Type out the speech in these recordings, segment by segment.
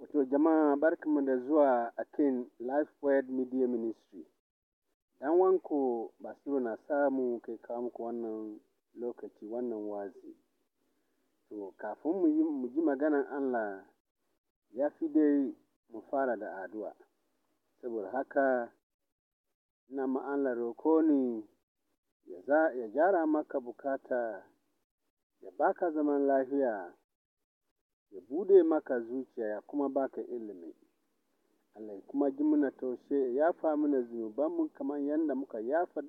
Wato jama'a barkanmu da zuwa a kan Lifeway Media Ministry. Dan wanku Basiru na samu kai kawo muku wannan lokaci wannan wazi. To, kafin mu yi mu ji maganan Allah ya fi dai mu fara da addu'a. Saboda haka, ina ma Allah roko ne ya gyara maka bukata, ya baka zaman lafiya. ya bude maka zuciya ya kuma baka ilimi. Allah ya kuma ji muna taushe ya yafa mana mu kamar yadda muka yafa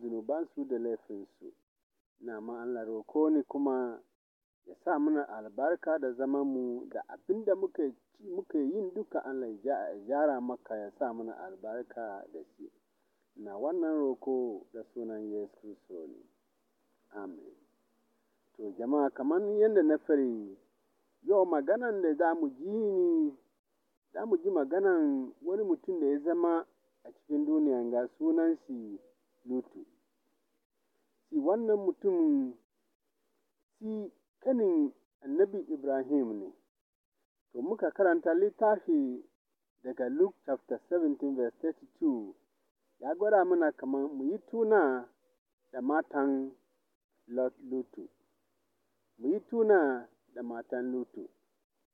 zunuban su da laifin su Ina ma Allah roko ni kuma ya sa mana albarka da mu da abinda da muka muka yin duka Allah ya gyara maka ya sa mana albarka da shi. Na wannan roko da sunan Yesu Kiristo ne. Amen. To jama'a kamar yadda na fari yau maganan da za mu ji ne za mu ji maganan wani mutum da ya zama a cikin duniya ga sunan shi Lutu. Shi wannan mutum shi kanin annabi Ibrahim ne. To muka karanta littafi daga Luke chapter 17 verse 32 ya gwada mana kamar mu yi tuna da matan Lutu. mu yi tuna da matan Lutu.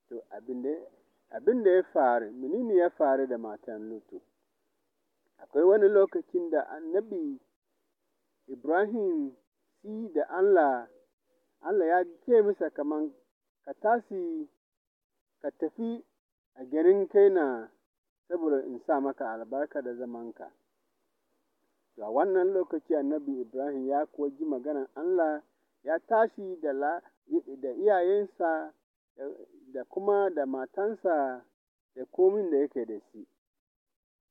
To abin da ya faru, menene ya faru da matan Lutu? Akwai wani lokacin da annabi Ibrahim shi da Allah, Allah ya ce masa kaman ka tasi ka tafi a garin kaina saboda in sa maka albarka da zamanka. To a wannan lokaci annabi Ibrahim ya kuwa ji maganar Allah Ya tashi da la, iyayensa da kuma da matansa da komin da yake da shi.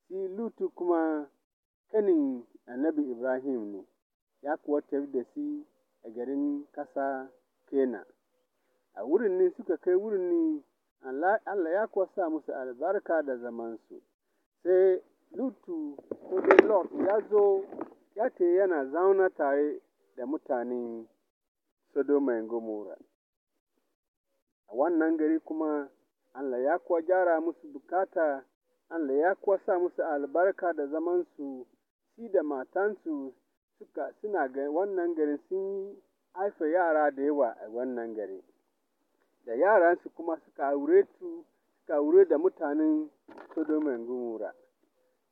Shi Lutu kuma kanin Annabi Ibrahim ne, ya kuwa tafi da shi a garin kasa Kena. A wurin ne suka kai wurin ne Allah ya kuwa sa musu albarka da zamansu. Sai Lutu ko dai Lot ya zo ya ce yana zauna tare da mutanen Sodoma da A wannan gari kuma Allah ya kuwa gyara musu bukata, Allah ya kuwa sa musu albarka da zamansu, shi da matansu suka suna ga wannan gari sun haifa yara da yawa a wannan gari. Da yaransu kuma suka aure su, suka aure da mutanen Sodoma da Gomorrah.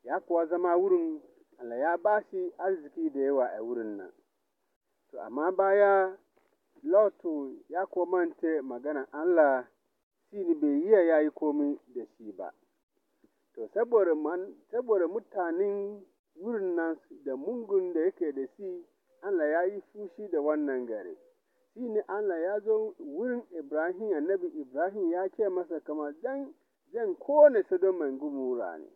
Ya kuwa zama wurin Allah ya ba shi arziki da yawa a wurin nan. To amma baya Lotto ya kuwa manta maganar Allah, shi bai yi ya yi komi da shi ba. To, saboda mutanen wurin nan da mungun da yake da shi, Allah ya yi fushi da wannan gari. Shi ne Allah ya zo wurin Ibrahim, annabi Ibrahim ya ce masa kama zan, zan kone Sodoma in gumura ne.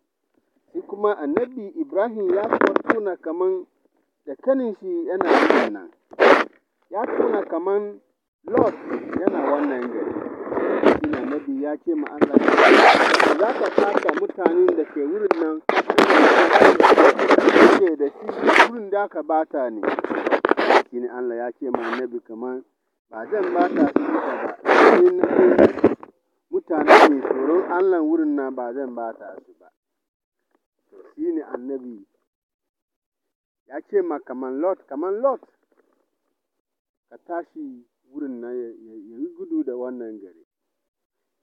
Shi kuma annabi Ibrahim ya tuna kaman da kanin shi yana nan. ya tona kaman Lord yana wannan gari, shi ne Annabi ya ce ma Allah, za ka sāka mutanen da ke wurin nan ke da shi wurin da aka bata ne. Shi ne Allah ya ce ma Annabi kaman Ba zan bata su duka ba, sai na mutane ne tsoron Allah wurin nan ba zan bata su ba. Shi ne Annabi ya ce ma kaman Lord kaman Lord ka tashi wurin nan ya yi gudu da wannan gari.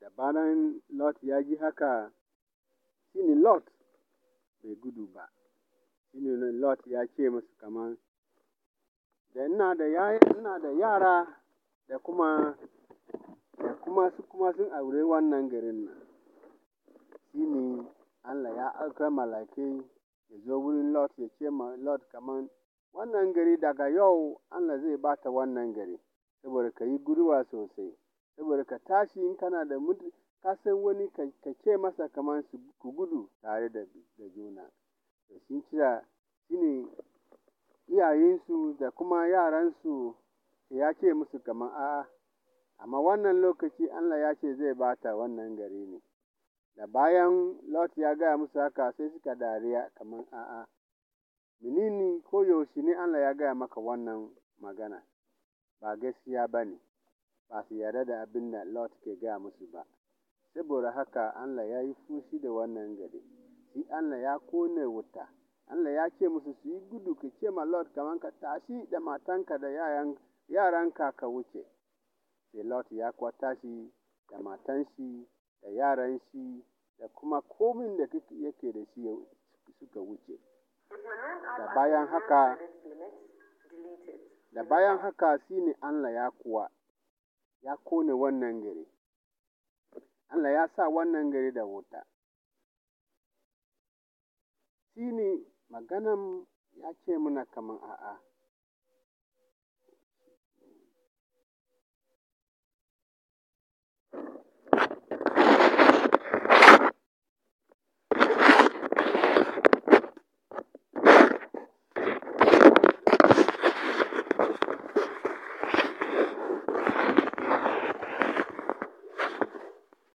Da bayan Lot ya ji haka, shi ne Lot bai gudu ba, shi ne Lot ya ce masu kamar, da ina da yara da kuma su kuma sun aure wannan garin nan. Shi ne Allah ya aika malakai ya zo wurin Lot ya ce ma Lot kamar Wannan gari daga yau Allah zai ba ta wannan gari, saboda ka yi guduma sosai, saboda ka tashi in kana da mudu ka san wani ka ce masa kamar su ku gudu tare da, juna. Da sun kira shi ne iyayensu da kuma yaransu ya ce musu kamar a'a, amma wannan lokaci Allah ya ce zai ba ta wannan gari ne. Da bayan Lot ya gaya musu haka sai suka dariya kamar a'a. Menene yaushe ne Allah ya gaya maka wannan magana, ba gaskiya ba ne, ba su yarda da abin da Lot ke gaya musu ba, saboda haka Allah ya yi fushi da wannan gari, shi Allah ya kone wuta, Allah ya ce musu su yi gudu ka ce ma Lot kamar ka tashi da matanka da yaran, yaranka ka wuce. Sai Lot ya kuwa tashi da matanshi da yaran shi da kuma komin da yake da shi suka wuce. da bayan haka da bayan haka shine Allah ya kuwa ya kone wannan gari Allah ya sa wannan gari da wuta shine maganan ya ce mana kaman a'a